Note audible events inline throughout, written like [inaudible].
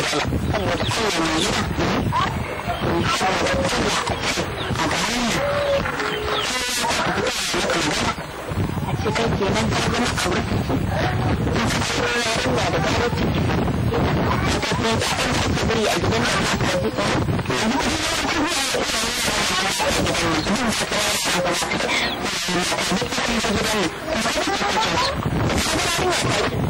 saboda saboda saboda mai gida saboda kuma a ce a ga hanya a ce kai ke nan ta zama aure in ka ce ruwa da gare ta ta ce ta ɗan ta bari a gidan da ba ta ji ɗan amma kuma ya ce ruwa da ita ne ta zama a gidan nan zuwa ta tsayar ta zama a gidan nan kuma ta ce ta gidan nan kuma ta ce ta ce su.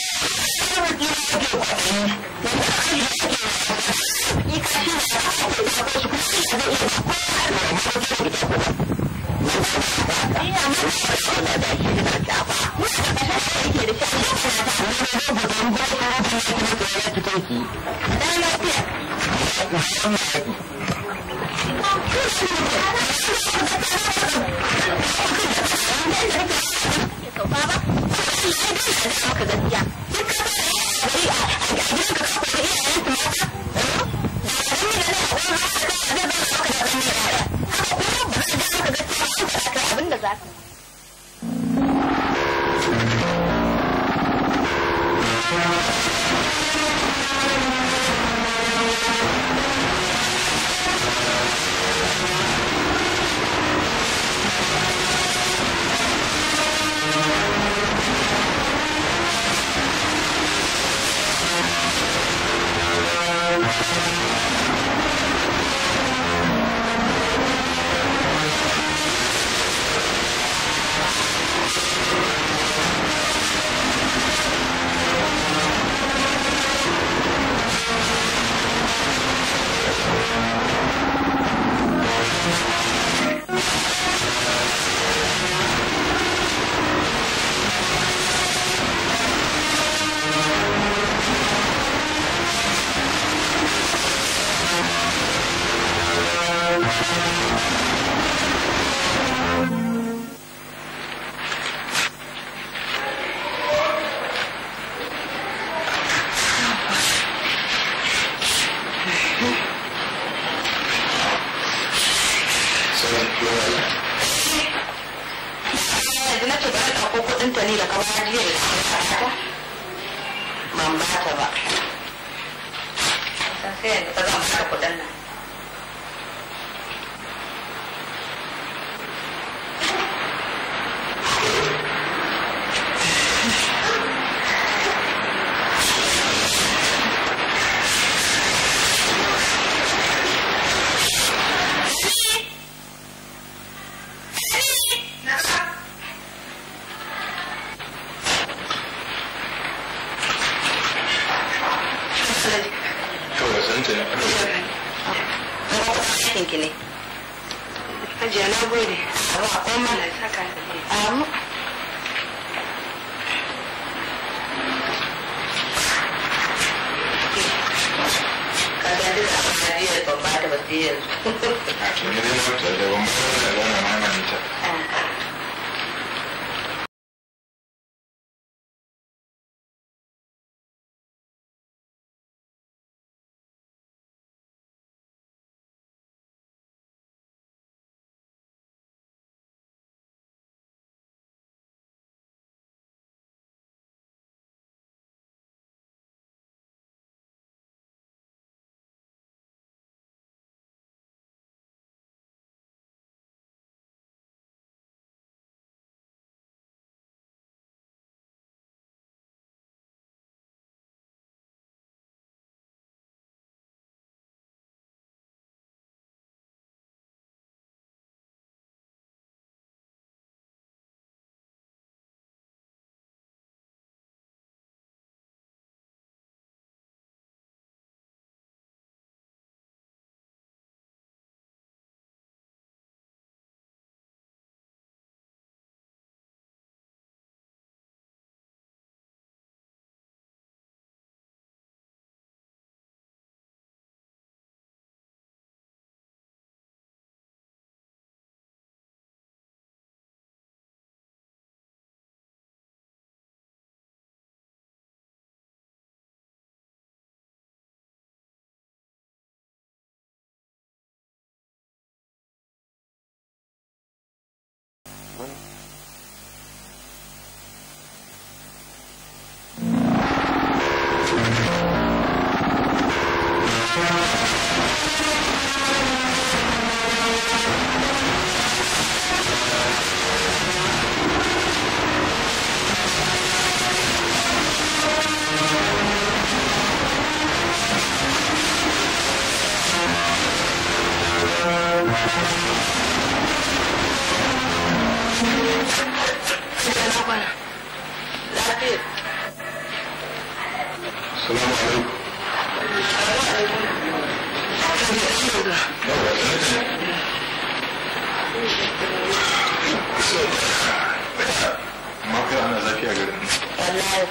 Thank you. उसका बदलना है es [laughs] Aquí me dio la de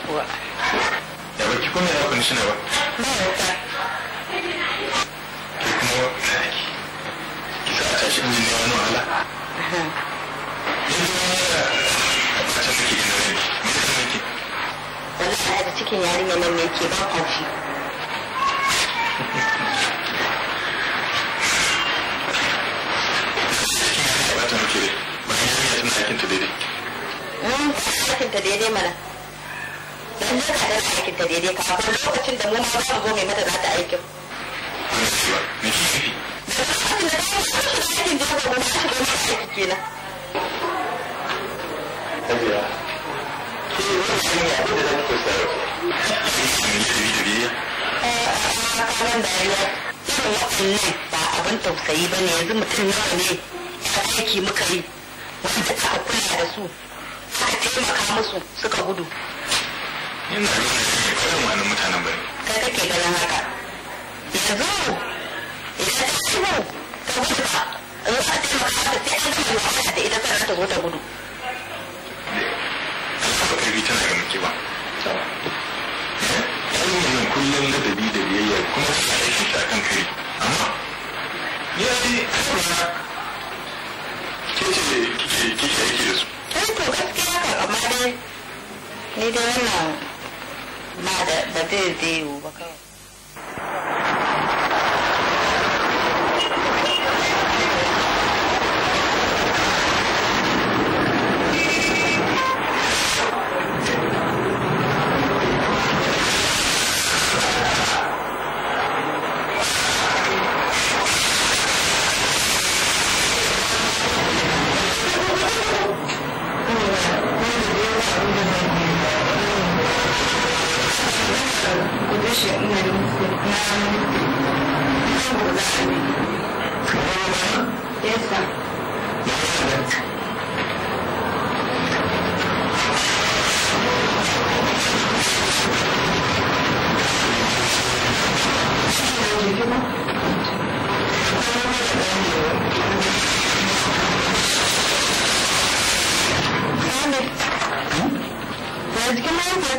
kuwa da ba ki kuma ya kuni suna ba ba wata ki kuma ki sa a tashi injin wani wahala wani ne sa'a da cikin yarinya nan ne ke ba kwaci ta muke dai bayan yarinya tana aikinta daidai. Mun hmm, daidai lokacin da yana da aikin ta daidai ka kuma lokacin da mu ma ba zo mai mata nata aikin ba abin tausayi ba ne yanzu mutum nawa ne ta aiki muka yi wanda aka kula da su aka taimaka musu suka gudu 你男人，你这样玩能不谈呢？呗。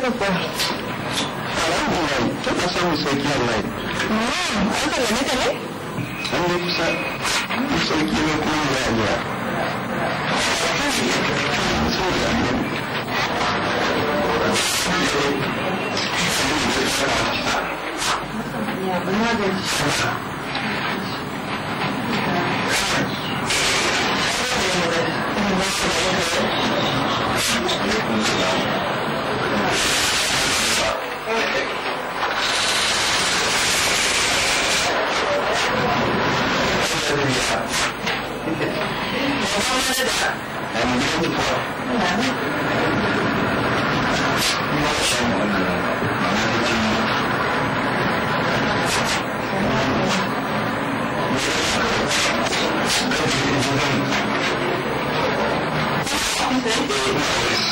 haka kuwa alhamdulillah kika yi Thank you. 我帮你拿。来，你不用了。拿嘛？你把这拿过来。拿这个。拿这个。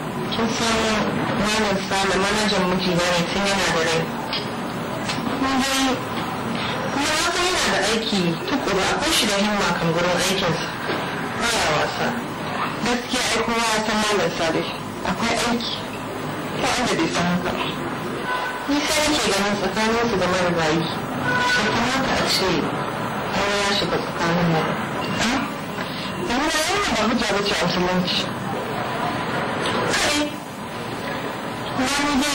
kin san wannan sani manajan miji bane tun yana da rai kuma na yana da aiki tukuru akwai shi da himma kan gurin aikinsa baya wasa gaskiya ai kowa ya san malam sabi akwai aiki ko wanda bai san haka ni sai yake ganin tsakanin su da marigayi ba kamata a ce an ya shiga tsakanin mu ba. Ina yana da hujja bace a musulunci. Manajan Sabi'u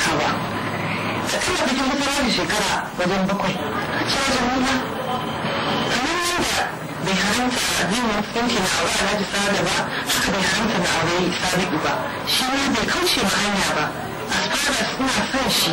hawa. da bikin kusa da shekara wajen bakwai. bai addinin musulunci na aure alhaji ba, haka bai na aure sabi'u ba. Shi bai kauce ma hanya ba. Asfara suna son shi.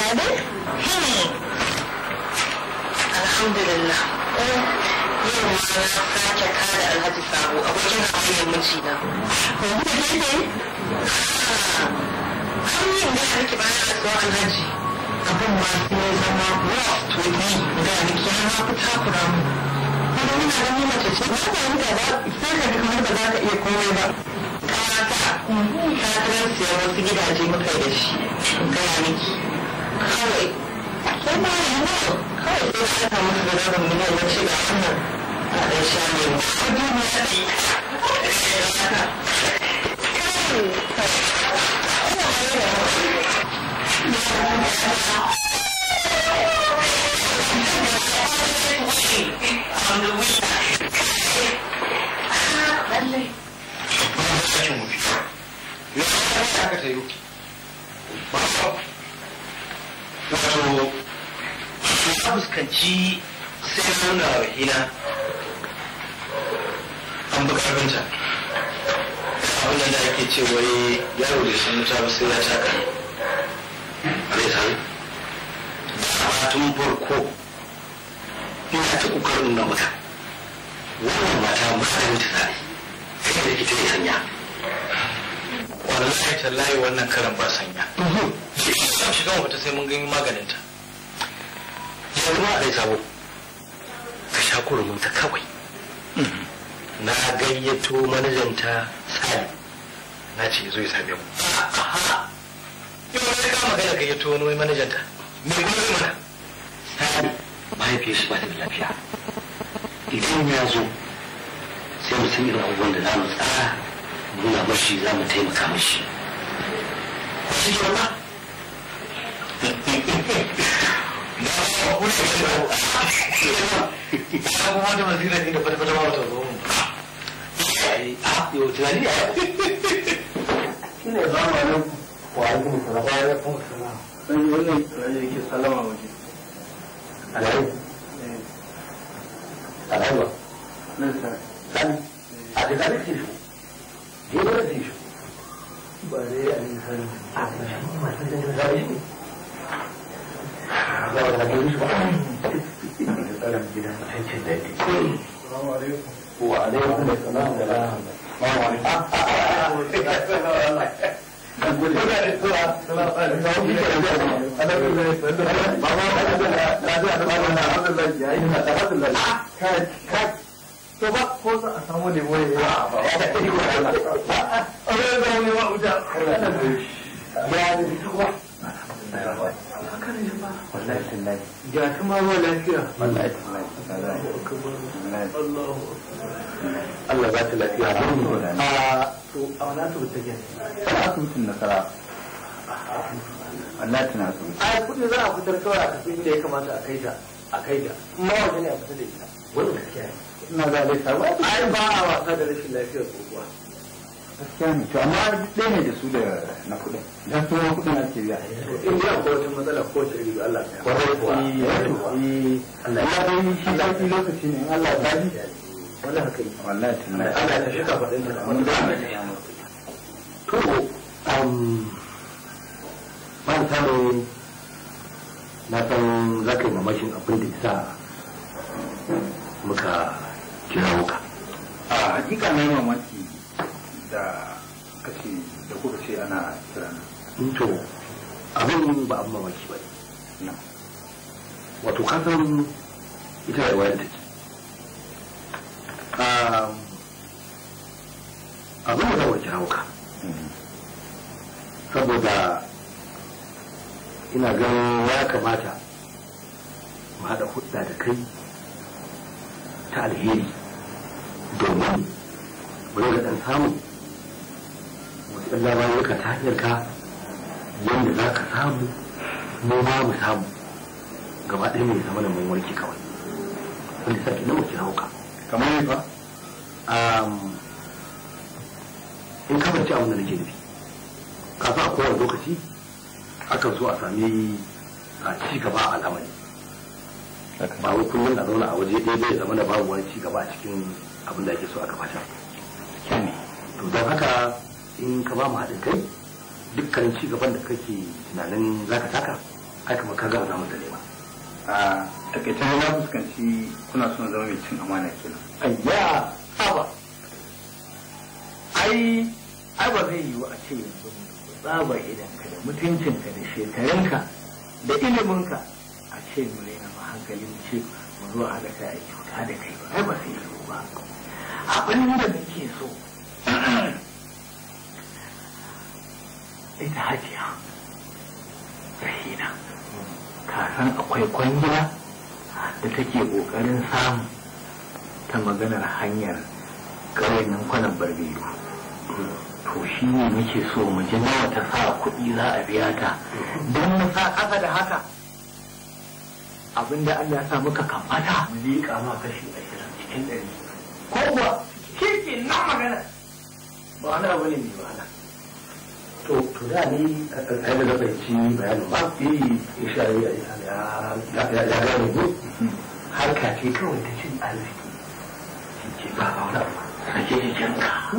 Alamin? Alhamdulillah. Yau ma na sake kada alhaji sabo abokin hafiyar mijina. Wanda ne ne? An yi da ake bayan alhaji. Abin ma sai zama rough to me ga nake har ma fi takura mu. Kuma muna ganin mace ce ba ta yi da ba sai ka kamar ba za ka iya komai ba. Kawata ta transiyar wasu gidaje muka da shi. Gaya miki. 可以。所以呢，以后可以多看他们这个我们那个这个嗯，啊，这下面我就没得理。Thank you. wato ta fuskanci sai nuna rahina an bi abinda da ake ce wai yaro da sun mutu sai ya taka a tun farko ina ta kokarin nuna mata wannan mata musamman ta zane sai da ita ya sanya kwanan sai ta layi wannan karan ba sanya mun shiga mu fita sai mun gani maganin ta yanzu ma sabo ka sha kurumin ta kawai na gayyato manajan ta sani na ce zo ya same mu yau wani ka magana gayyato wani manajan ta me kuma zai mana sani mahaifiyar shi ba da lafiya idan ya zo sai mu san irin abubuwan da za mu tsara muna mashi za mu taimaka mashi. Shi ke kuma shi shi ba da da fata a yau tunani ya ne zamanin wa alaikum salam yi tunani salama waje yayin da ta da kai kai to ba ko za a samu lemo ne ba ba a rai da wani ba uja ya ne kuma wallahi tallahi ga kuma ba lafiya wallahi tallahi Allah Allah ba ta lafiya a to a wani asibiti take asibitin nasara Allah tana asibiti a kudi za a fitar kawai a tafi inda ya kamata a kai ta a kai da mawaje ne a fita da ita wannan gaskiya ne ina da ai ba a wasa da rashin lafiyar tsohuwa gaskiya ne to amma ɗaya ne da su da na kuɗin dan su na kuɗin ake biya in ko wata matsala ko ta Allah ya kwarai kuwa eh, Allah ya shi lokaci ne Allah ya wallahi wallahi Allah ya ka faɗin da to um ban Bani ga ɗan samu wasu ɗan labarin ka ta hanyar ka yadda za ka samu mu ma mu samu gaba ɗaya mai zama da mun warke kawai wanda sa ke nan hauka kamar yi fa in ka bace abin da nake nufi ka a kowane lokaci akan so a sami a ci gaba a al'amari ba wai kullum a zauna a waje ɗaya zai zama da babu wani ci gaba a cikin abin da ake so a gabatar to don haka in ka ba mu haɗin kai dukkanin ci gaban da kake tunanin za ka taka, ai kamar ka gama zama da nema a takaice na fuskanci kuna son zama mai cin amana kenan ayya haba ai ai ba zai yiwu a ce yanzu tsaba ka da mutuncinka da shekarunka da iliminka a ce mu raina ma hankalin ce mu zuwa haɗa kai a kyauta da kai ba ai ba zai yiwu ba abin da muke so ita hajiya rahina kasan akwai kwangila da take ƙoƙarin samu ta maganar hanyar ƙauyen kwanan barbiru to shi ne muke so mu ji nawa ta sa kuɗi za a biya ta don mu sa ƙasa da haka abinda Allah ya sa muka kamata liƙa ma kashi ashirin cikin ɗari ko kuwa kirki na maganar. 完了，完了，完了。所以，突然间，那个什么，鸡，那个母鸡，一出来，呀，呀，那个母鸡，还看见一个，那个什么，鸡，鸡宝宝了，那叫健康。